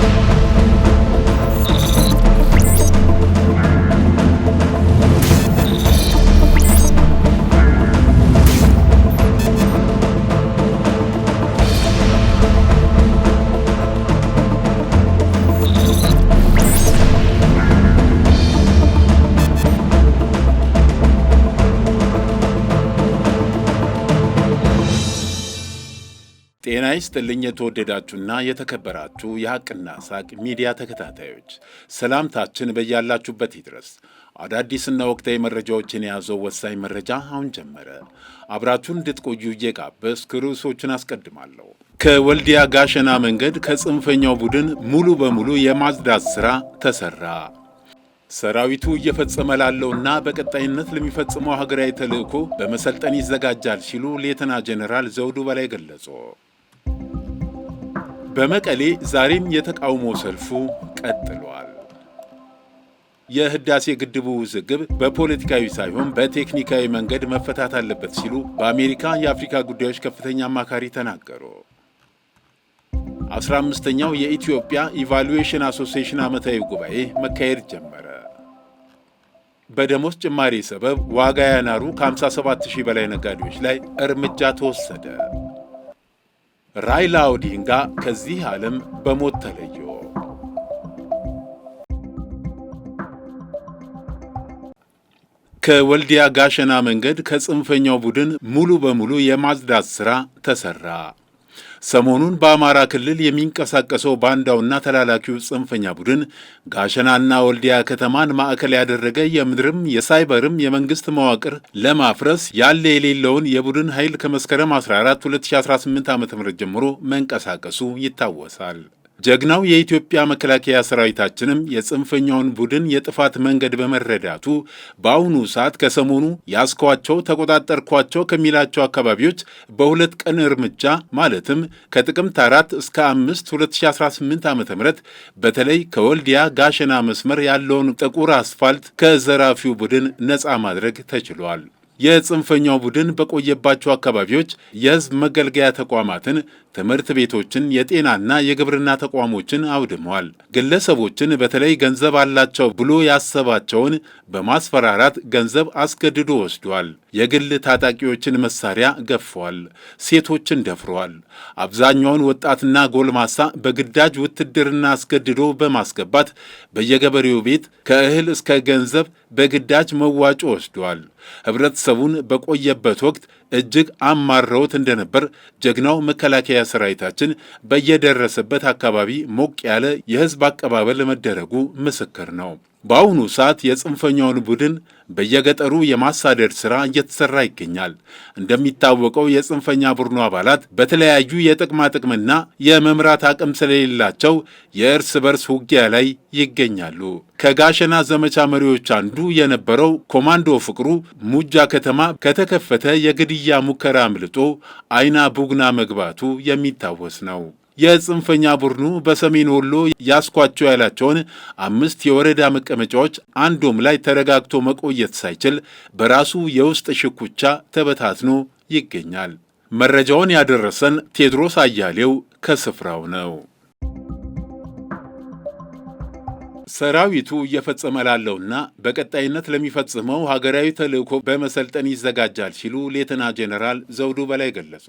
Thank you. ጤና ይስጥልኝ የተወደዳችሁና የተከበራችሁ የሐቅና ሳቅ ሚዲያ ተከታታዮች ሰላምታችን በያላችሁበት ይድረስ። አዳዲስና ወቅታዊ መረጃዎችን የያዘው ወሳኝ መረጃ አሁን ጀመረ። አብራችሁን እንድትቆዩ እየጋበዝኩ ርዕሶችን አስቀድማለሁ። ከወልዲያ ጋሸና መንገድ ከጽንፈኛው ቡድን ሙሉ በሙሉ የማጽዳት ሥራ ተሠራ። ሰራዊቱ እየፈጸመ ላለውና በቀጣይነት ለሚፈጽመው ሀገራዊ ተልእኮ በመሰልጠን ይዘጋጃል ሲሉ ሌተና ጄኔራል ዘውዱ በላይ ገለጹ። በመቀሌ ዛሬም የተቃውሞ ሰልፉ ቀጥሏል። የህዳሴ ግድቡ ውዝግብ በፖለቲካዊ ሳይሆን በቴክኒካዊ መንገድ መፈታት አለበት ሲሉ በአሜሪካ የአፍሪካ ጉዳዮች ከፍተኛ አማካሪ ተናገሩ። አስራ አምስተኛው የኢትዮጵያ ኢቫሉዌሽን አሶሲዬሽን ዓመታዊ ጉባኤ መካሄድ ጀመረ። በደሞዝ ጭማሪ ሰበብ ዋጋ ያናሩ ከ57 ሺህ በላይ ነጋዴዎች ላይ እርምጃ ተወሰደ። ራይላ ኦዲንጋ ከዚህ ዓለም በሞት ተለየ። ከወልዲያ ጋሸና መንገድ ከጽንፈኛው ቡድን ሙሉ በሙሉ የማጽዳት ሥራ ተሠራ። ሰሞኑን በአማራ ክልል የሚንቀሳቀሰው ባንዳውና ተላላኪው ጽንፈኛ ቡድን ጋሸናና ወልዲያ ከተማን ማዕከል ያደረገ የምድርም የሳይበርም የመንግስት መዋቅር ለማፍረስ ያለ የሌለውን የቡድን ኃይል ከመስከረም 14 2018 ዓ ም ጀምሮ መንቀሳቀሱ ይታወሳል። ጀግናው የኢትዮጵያ መከላከያ ሰራዊታችንም የጽንፈኛውን ቡድን የጥፋት መንገድ በመረዳቱ በአሁኑ ሰዓት ከሰሞኑ ያስኳቸው ተቆጣጠርኳቸው ከሚላቸው አካባቢዎች በሁለት ቀን እርምጃ ማለትም ከጥቅምት 4 እስከ 5 2018 ዓ ም በተለይ ከወልዲያ ጋሸና መስመር ያለውን ጥቁር አስፋልት ከዘራፊው ቡድን ነፃ ማድረግ ተችሏል። የጽንፈኛው ቡድን በቆየባቸው አካባቢዎች የህዝብ መገልገያ ተቋማትን፣ ትምህርት ቤቶችን፣ የጤናና የግብርና ተቋሞችን አውድመዋል። ግለሰቦችን በተለይ ገንዘብ አላቸው ብሎ ያሰባቸውን በማስፈራራት ገንዘብ አስገድዶ ወስዷል። የግል ታጣቂዎችን መሳሪያ ገፈዋል። ሴቶችን ደፍረዋል። አብዛኛውን ወጣትና ጎልማሳ በግዳጅ ውትድርና አስገድዶ በማስገባት በየገበሬው ቤት ከእህል እስከ ገንዘብ በግዳጅ መዋጮ ወስዷል። ህብረተሰቡን በቆየበት ወቅት እጅግ አማረውት እንደነበር ጀግናው መከላከያ ሰራዊታችን በየደረሰበት አካባቢ ሞቅ ያለ የህዝብ አቀባበል መደረጉ ምስክር ነው። በአሁኑ ሰዓት የጽንፈኛውን ቡድን በየገጠሩ የማሳደድ ሥራ እየተሠራ ይገኛል። እንደሚታወቀው የጽንፈኛ ቡድኑ አባላት በተለያዩ የጥቅማ ጥቅምና የመምራት አቅም ስለሌላቸው የእርስ በርስ ውጊያ ላይ ይገኛሉ። ከጋሸና ዘመቻ መሪዎች አንዱ የነበረው ኮማንዶ ፍቅሩ ሙጃ ከተማ ከተከፈተ የግድያ ሙከራ አምልጦ አይና ቡግና መግባቱ የሚታወስ ነው። የጽንፈኛ ቡድኑ በሰሜን ወሎ ያስኳቸው ያላቸውን አምስት የወረዳ መቀመጫዎች አንዱም ላይ ተረጋግቶ መቆየት ሳይችል በራሱ የውስጥ ሽኩቻ ተበታትኖ ይገኛል። መረጃውን ያደረሰን ቴድሮስ አያሌው ከስፍራው ነው። ሰራዊቱ እየፈጸመ ላለውና በቀጣይነት ለሚፈጽመው ሀገራዊ ተልዕኮ በመሰልጠን ይዘጋጃል ሲሉ ሌተና ጄኔራል ዘውዱ በላይ ገለጹ።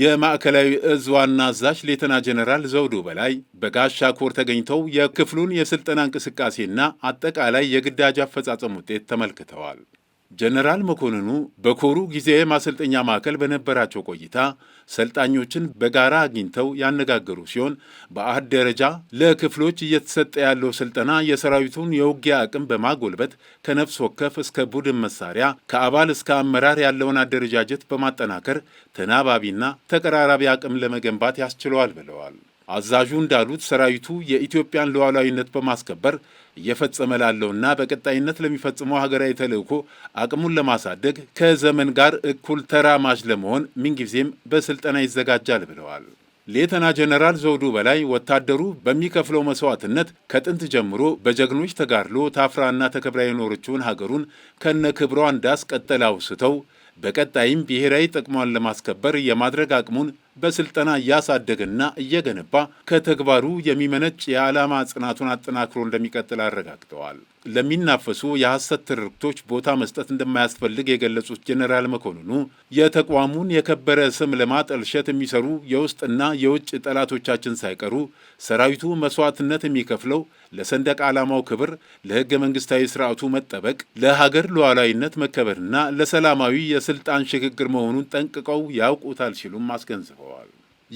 የማዕከላዊ እዝ ዋና አዛዥ ሌተና ጀኔራል ዘውዱ በላይ በጋሻ ኮር ተገኝተው የክፍሉን የስልጠና እንቅስቃሴና አጠቃላይ የግዳጅ አፈጻጸም ውጤት ተመልክተዋል። ጀነራል መኮንኑ በኮሩ ጊዜ ማሰልጠኛ ማዕከል በነበራቸው ቆይታ ሰልጣኞችን በጋራ አግኝተው ያነጋገሩ ሲሆን በአህድ ደረጃ ለክፍሎች እየተሰጠ ያለው ስልጠና የሰራዊቱን የውጊያ አቅም በማጎልበት ከነፍስ ወከፍ እስከ ቡድን መሳሪያ ከአባል እስከ አመራር ያለውን አደረጃጀት በማጠናከር ተናባቢና ተቀራራቢ አቅም ለመገንባት ያስችለዋል ብለዋል። አዛዡ እንዳሉት ሰራዊቱ የኢትዮጵያን ሉዓላዊነት በማስከበር እየፈጸመ ላለውና በቀጣይነት ለሚፈጽመው ሀገራዊ ተልእኮ አቅሙን ለማሳደግ ከዘመን ጋር እኩል ተራማጅ ለመሆን ምንጊዜም በስልጠና ይዘጋጃል ብለዋል። ሌተና ጀነራል ዘውዱ በላይ ወታደሩ በሚከፍለው መስዋዕትነት ከጥንት ጀምሮ በጀግኖች ተጋድሎ ታፍራና ተከብራ የኖረችውን ሀገሩን ከነ ክብሯ እንዳስቀጠለ አውስተው በቀጣይም ብሔራዊ ጥቅሟን ለማስከበር የማድረግ አቅሙን በስልጠና እያሳደገና እየገነባ ከተግባሩ የሚመነጭ የዓላማ ጽናቱን አጠናክሮ እንደሚቀጥል አረጋግጠዋል። ለሚናፈሱ የሐሰት ትርክቶች ቦታ መስጠት እንደማያስፈልግ የገለጹት ጄኔራል መኮንኑ የተቋሙን የከበረ ስም ለማጠልሸት የሚሰሩ የውስጥና የውጭ ጠላቶቻችን ሳይቀሩ ሰራዊቱ መስዋዕትነት የሚከፍለው ለሰንደቅ ዓላማው ክብር፣ ለሕገ መንግሥታዊ ስርዓቱ መጠበቅ፣ ለሀገር ሉዓላዊነት መከበርና ለሰላማዊ የስልጣን ሽግግር መሆኑን ጠንቅቀው ያውቁታል ሲሉም አስገንዝበዋል።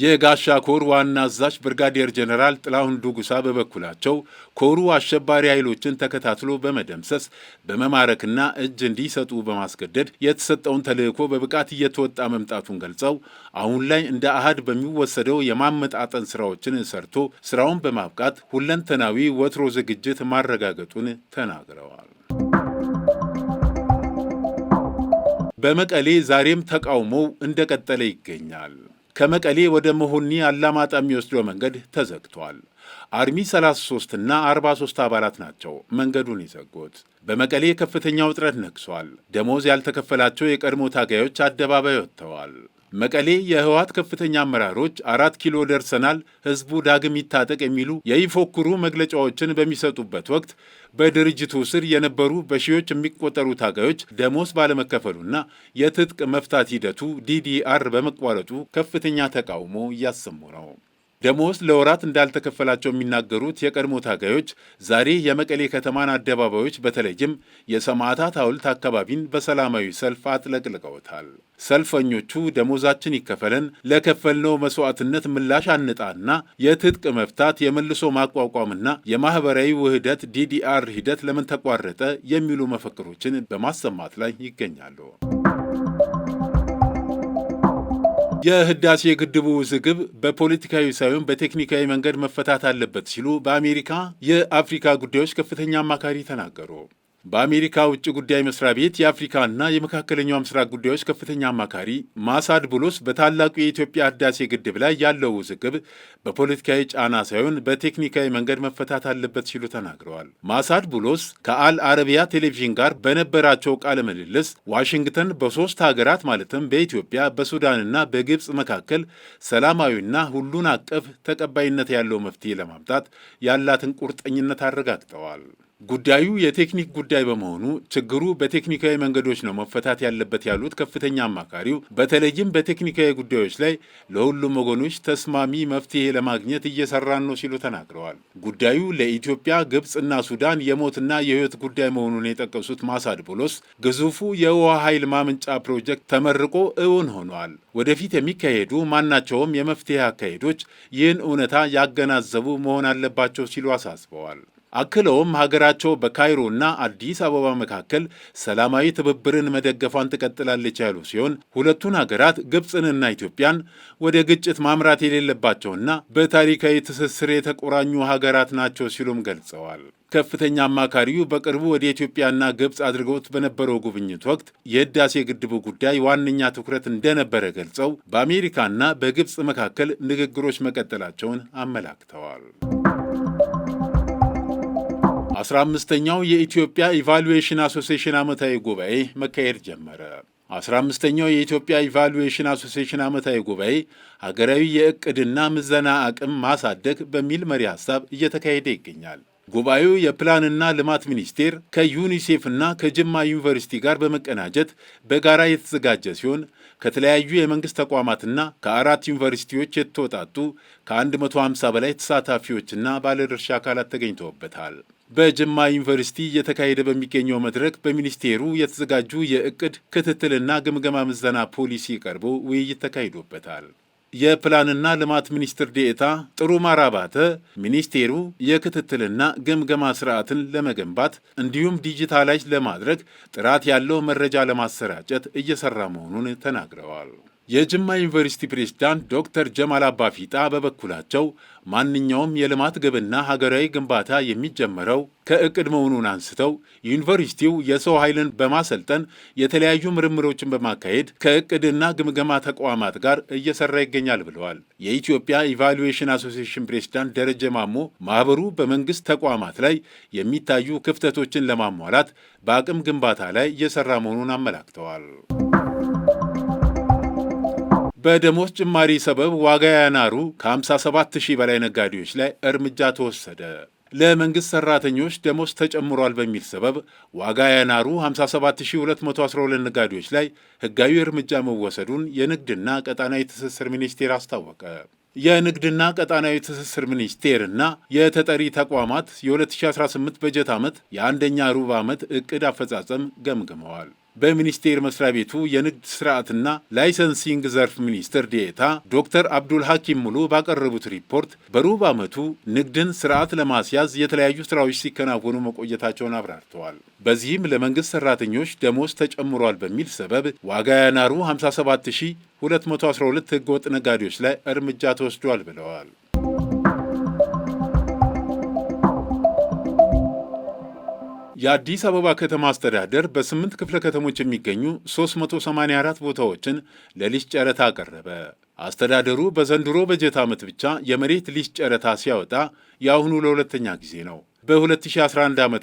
የጋሻ ኮር ዋና አዛዥ ብርጋዴር ጀኔራል ጥላሁን ዱጉሳ በበኩላቸው ኮሩ አሸባሪ ኃይሎችን ተከታትሎ በመደምሰስ በመማረክና እጅ እንዲሰጡ በማስገደድ የተሰጠውን ተልዕኮ በብቃት እየተወጣ መምጣቱን ገልጸው አሁን ላይ እንደ አሃድ በሚወሰደው የማመጣጠን ስራዎችን ሰርቶ ስራውን በማብቃት ሁለንተናዊ ወትሮ ዝግጅት ማረጋገጡን ተናግረዋል። በመቀሌ ዛሬም ተቃውሞው እንደቀጠለ ይገኛል። ከመቀሌ ወደ መሆኒ አላማጣ የሚወስደው መንገድ ተዘግቷል። አርሚ 33 እና 43 አባላት ናቸው መንገዱን የዘጉት። በመቀሌ ከፍተኛ ውጥረት ነግሷል። ደሞዝ ያልተከፈላቸው የቀድሞ ታጋዮች አደባባይ ወጥተዋል። መቀሌ የህወሓት ከፍተኛ አመራሮች አራት ኪሎ ደርሰናል፣ ህዝቡ ዳግም ይታጠቅ የሚሉ የይፎክሩ መግለጫዎችን በሚሰጡበት ወቅት በድርጅቱ ስር የነበሩ በሺዎች የሚቆጠሩ ታጋዮች ደሞዝ ባለመከፈሉና የትጥቅ መፍታት ሂደቱ ዲዲአር በመቋረጡ ከፍተኛ ተቃውሞ እያሰሙ ነው። ደሞዝ ለወራት እንዳልተከፈላቸው የሚናገሩት የቀድሞ ታጋዮች ዛሬ የመቀሌ ከተማን አደባባዮች በተለይም የሰማዕታት ሐውልት አካባቢን በሰላማዊ ሰልፍ አጥለቅልቀውታል። ሰልፈኞቹ ደሞዛችን ይከፈለን፣ ለከፈልነው መስዋዕትነት ምላሽ አንጣና የትጥቅ መፍታት የመልሶ ማቋቋምና የማኅበራዊ ውህደት ዲዲአር ሂደት ለምን ተቋረጠ የሚሉ መፈክሮችን በማሰማት ላይ ይገኛሉ። የህዳሴ ግድቡ ውዝግብ በፖለቲካዊ ሳይሆን በቴክኒካዊ መንገድ መፈታት አለበት ሲሉ በአሜሪካ የአፍሪካ ጉዳዮች ከፍተኛ አማካሪ ተናገሩ። በአሜሪካ ውጭ ጉዳይ መስሪያ ቤት የአፍሪካና የመካከለኛው ምስራቅ ጉዳዮች ከፍተኛ አማካሪ ማሳድ ቡሎስ በታላቁ የኢትዮጵያ ህዳሴ ግድብ ላይ ያለው ውዝግብ በፖለቲካዊ ጫና ሳይሆን በቴክኒካዊ መንገድ መፈታት አለበት ሲሉ ተናግረዋል። ማሳድ ቡሎስ ከአል አረቢያ ቴሌቪዥን ጋር በነበራቸው ቃለ ምልልስ ዋሽንግተን በሶስት ሀገራት ማለትም በኢትዮጵያ፣ በሱዳንና በግብፅ መካከል ሰላማዊና ሁሉን አቀፍ ተቀባይነት ያለው መፍትሄ ለማምጣት ያላትን ቁርጠኝነት አረጋግጠዋል። ጉዳዩ የቴክኒክ ጉዳይ በመሆኑ ችግሩ በቴክኒካዊ መንገዶች ነው መፈታት ያለበት ያሉት ከፍተኛ አማካሪው በተለይም በቴክኒካዊ ጉዳዮች ላይ ለሁሉም ወገኖች ተስማሚ መፍትሄ ለማግኘት እየሰራን ነው ሲሉ ተናግረዋል። ጉዳዩ ለኢትዮጵያ፣ ግብፅና ሱዳን የሞትና የሕይወት ጉዳይ መሆኑን የጠቀሱት ቦሎስ ግዙፉ የውሃ ኃይል ማመንጫ ፕሮጀክት ተመርቆ እውን ሆኗል። ወደፊት የሚካሄዱ ማናቸውም የመፍትሄ አካሄዶች ይህን እውነታ ያገናዘቡ መሆን አለባቸው ሲሉ አሳስበዋል። አክለውም ሀገራቸው በካይሮ እና አዲስ አበባ መካከል ሰላማዊ ትብብርን መደገፏን ትቀጥላለች ያሉ ሲሆን ሁለቱን ሀገራት ግብፅንና ኢትዮጵያን ወደ ግጭት ማምራት የሌለባቸውና በታሪካዊ ትስስር የተቆራኙ ሀገራት ናቸው ሲሉም ገልጸዋል። ከፍተኛ አማካሪው በቅርቡ ወደ ኢትዮጵያና ግብፅ አድርገውት በነበረው ጉብኝት ወቅት የህዳሴ ግድቡ ጉዳይ ዋነኛ ትኩረት እንደነበረ ገልጸው በአሜሪካና በግብፅ መካከል ንግግሮች መቀጠላቸውን አመላክተዋል። አስራ አምስተኛው የኢትዮጵያ ኢቫሉዌሽን አሶሴሽን ዓመታዊ ጉባኤ መካሄድ ጀመረ። አስራ አምስተኛው የኢትዮጵያ ኢቫሉዌሽን አሶሴሽን ዓመታዊ ጉባኤ ሀገራዊ የእቅድና ምዘና አቅም ማሳደግ በሚል መሪ ሀሳብ እየተካሄደ ይገኛል። ጉባኤው የፕላንና ልማት ሚኒስቴር ከዩኒሴፍና ከጅማ ዩኒቨርሲቲ ጋር በመቀናጀት በጋራ የተዘጋጀ ሲሆን ከተለያዩ የመንግሥት ተቋማትና ከአራት ዩኒቨርሲቲዎች የተውጣጡ ከ150 በላይ ተሳታፊዎችና ባለድርሻ አካላት ተገኝተውበታል። በጅማ ዩኒቨርሲቲ እየተካሄደ በሚገኘው መድረክ በሚኒስቴሩ የተዘጋጁ የእቅድ ክትትልና ግምገማ ምዘና ፖሊሲ ቀርቦ ውይይት ተካሂዶበታል። የፕላንና ልማት ሚኒስትር ዴኤታ ጥሩ ማራባተ ሚኒስቴሩ የክትትልና ግምገማ ስርዓትን ለመገንባት እንዲሁም ዲጂታላይዝ ለማድረግ ጥራት ያለው መረጃ ለማሰራጨት እየሰራ መሆኑን ተናግረዋል። የጅማ ዩኒቨርሲቲ ፕሬዝዳንት ዶክተር ጀማል አባፊጣ በበኩላቸው ማንኛውም የልማት ግብና ሀገራዊ ግንባታ የሚጀመረው ከእቅድ መሆኑን አንስተው ዩኒቨርሲቲው የሰው ኃይልን በማሰልጠን የተለያዩ ምርምሮችን በማካሄድ ከእቅድና ግምገማ ተቋማት ጋር እየሰራ ይገኛል ብለዋል። የኢትዮጵያ ኢቫሉዌሽን አሶሲዬሽን ፕሬዝዳንት ደረጀ ማሞ ማህበሩ በመንግስት ተቋማት ላይ የሚታዩ ክፍተቶችን ለማሟላት በአቅም ግንባታ ላይ እየሰራ መሆኑን አመላክተዋል። በደሞዝ ጭማሪ ሰበብ ዋጋ ያናሩ ከ57 ሺህ በላይ ነጋዴዎች ላይ እርምጃ ተወሰደ። ለመንግሥት ሠራተኞች ደሞዝ ተጨምሯል በሚል ሰበብ ዋጋ ያናሩ 57212 ነጋዴዎች ላይ ሕጋዊ እርምጃ መወሰዱን የንግድና ቀጣናዊ ትስስር ሚኒስቴር አስታወቀ። የንግድና ቀጣናዊ ትስስር ሚኒስቴርና የተጠሪ ተቋማት የ2018 በጀት ዓመት የአንደኛ ሩብ ዓመት ዕቅድ አፈጻጸም ገምግመዋል። በሚኒስቴር መስሪያ ቤቱ የንግድ ስርዓትና ላይሰንሲንግ ዘርፍ ሚኒስትር ዴኤታ ዶክተር አብዱል ሐኪም ሙሉ ባቀረቡት ሪፖርት በሩብ ዓመቱ ንግድን ስርዓት ለማስያዝ የተለያዩ ስራዎች ሲከናወኑ መቆየታቸውን አብራርተዋል። በዚህም ለመንግስት ሰራተኞች ደሞዝ ተጨምሯል በሚል ሰበብ ዋጋ ያናሩ 57212 ህገወጥ ነጋዴዎች ላይ እርምጃ ተወስዷል ብለዋል። የአዲስ አበባ ከተማ አስተዳደር በስምንት ክፍለ ከተሞች የሚገኙ 384 ቦታዎችን ለሊዝ ጨረታ አቀረበ። አስተዳደሩ በዘንድሮ በጀት ዓመት ብቻ የመሬት ሊዝ ጨረታ ሲያወጣ የአሁኑ ለሁለተኛ ጊዜ ነው። በ2011 ዓ ም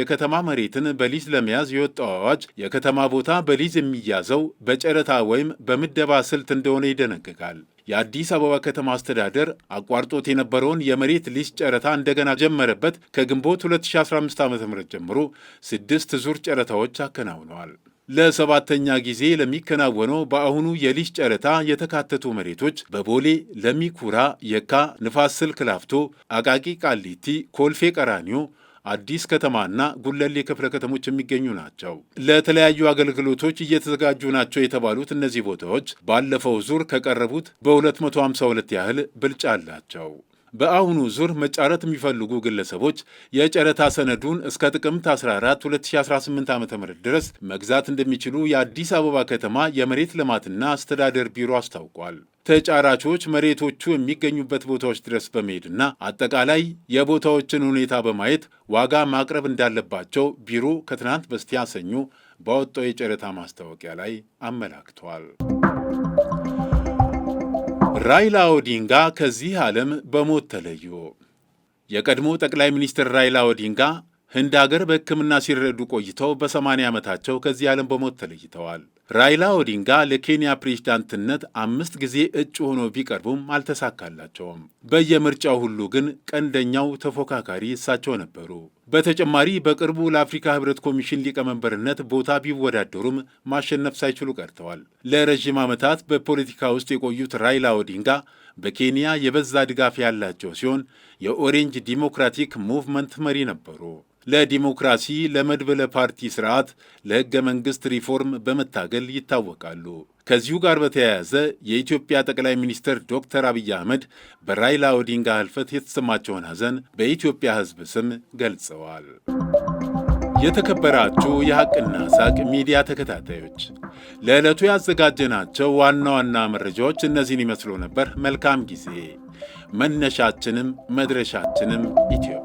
የከተማ መሬትን በሊዝ ለመያዝ የወጣው አዋጅ የከተማ ቦታ በሊዝ የሚያዘው በጨረታ ወይም በምደባ ስልት እንደሆነ ይደነግጋል። የአዲስ አበባ ከተማ አስተዳደር አቋርጦት የነበረውን የመሬት ሊዝ ጨረታ እንደገና ጀመረበት። ከግንቦት 2015 ዓ ም ጀምሮ ስድስት ዙር ጨረታዎች አከናውነዋል። ለሰባተኛ ጊዜ ለሚከናወነው በአሁኑ የሊዝ ጨረታ የተካተቱ መሬቶች በቦሌ ለሚኩራ፣ የካ፣ ንፋስ ስልክ ላፍቶ፣ አቃቂ ቃሊቲ፣ ኮልፌ ቀራኒዮ አዲስ ከተማና ጉለሌ ክፍለ ከተሞች የሚገኙ ናቸው። ለተለያዩ አገልግሎቶች እየተዘጋጁ ናቸው የተባሉት እነዚህ ቦታዎች ባለፈው ዙር ከቀረቡት በ252 ያህል ብልጫ አላቸው። በአሁኑ ዙር መጫረት የሚፈልጉ ግለሰቦች የጨረታ ሰነዱን እስከ ጥቅምት 14 2018 ዓ ም ድረስ መግዛት እንደሚችሉ የአዲስ አበባ ከተማ የመሬት ልማትና አስተዳደር ቢሮ አስታውቋል። ተጫራቾች መሬቶቹ የሚገኙበት ቦታዎች ድረስ በመሄድና አጠቃላይ የቦታዎችን ሁኔታ በማየት ዋጋ ማቅረብ እንዳለባቸው ቢሮ ከትናንት በስቲያ ሰኞ ባወጣው የጨረታ ማስታወቂያ ላይ አመላክቷል። ራይላ ኦዲንጋ ከዚህ ዓለም በሞት ተለዩ። የቀድሞ ጠቅላይ ሚኒስትር ራይላ ኦዲንጋ ህንድ አገር በሕክምና ሲረዱ ቆይተው በ80 ዓመታቸው ከዚህ ዓለም በሞት ተለይተዋል። ራይላ ኦዲንጋ ለኬንያ ፕሬዝዳንትነት አምስት ጊዜ እጩ ሆኖ ቢቀርቡም አልተሳካላቸውም። በየምርጫው ሁሉ ግን ቀንደኛው ተፎካካሪ እሳቸው ነበሩ። በተጨማሪ በቅርቡ ለአፍሪካ ህብረት ኮሚሽን ሊቀመንበርነት ቦታ ቢወዳደሩም ማሸነፍ ሳይችሉ ቀርተዋል። ለረዥም ዓመታት በፖለቲካ ውስጥ የቆዩት ራይላ ኦዲንጋ በኬንያ የበዛ ድጋፍ ያላቸው ሲሆን የኦሬንጅ ዲሞክራቲክ ሙቭመንት መሪ ነበሩ። ለዲሞክራሲ፣ ለመድበለ ፓርቲ ስርዓት፣ ለህገ መንግስት ሪፎርም በመታገል ይታወቃሉ። ከዚሁ ጋር በተያያዘ የኢትዮጵያ ጠቅላይ ሚኒስትር ዶክተር አብይ አህመድ በራይላ ኦዲንጋ ህልፈት የተሰማቸውን ሐዘን በኢትዮጵያ ህዝብ ስም ገልጸዋል። የተከበራችሁ የሐቅና ሳቅ ሚዲያ ተከታታዮች ለዕለቱ ያዘጋጀናቸው ዋና ዋና መረጃዎች እነዚህን ይመስሉ ነበር። መልካም ጊዜ። መነሻችንም መድረሻችንም ኢትዮ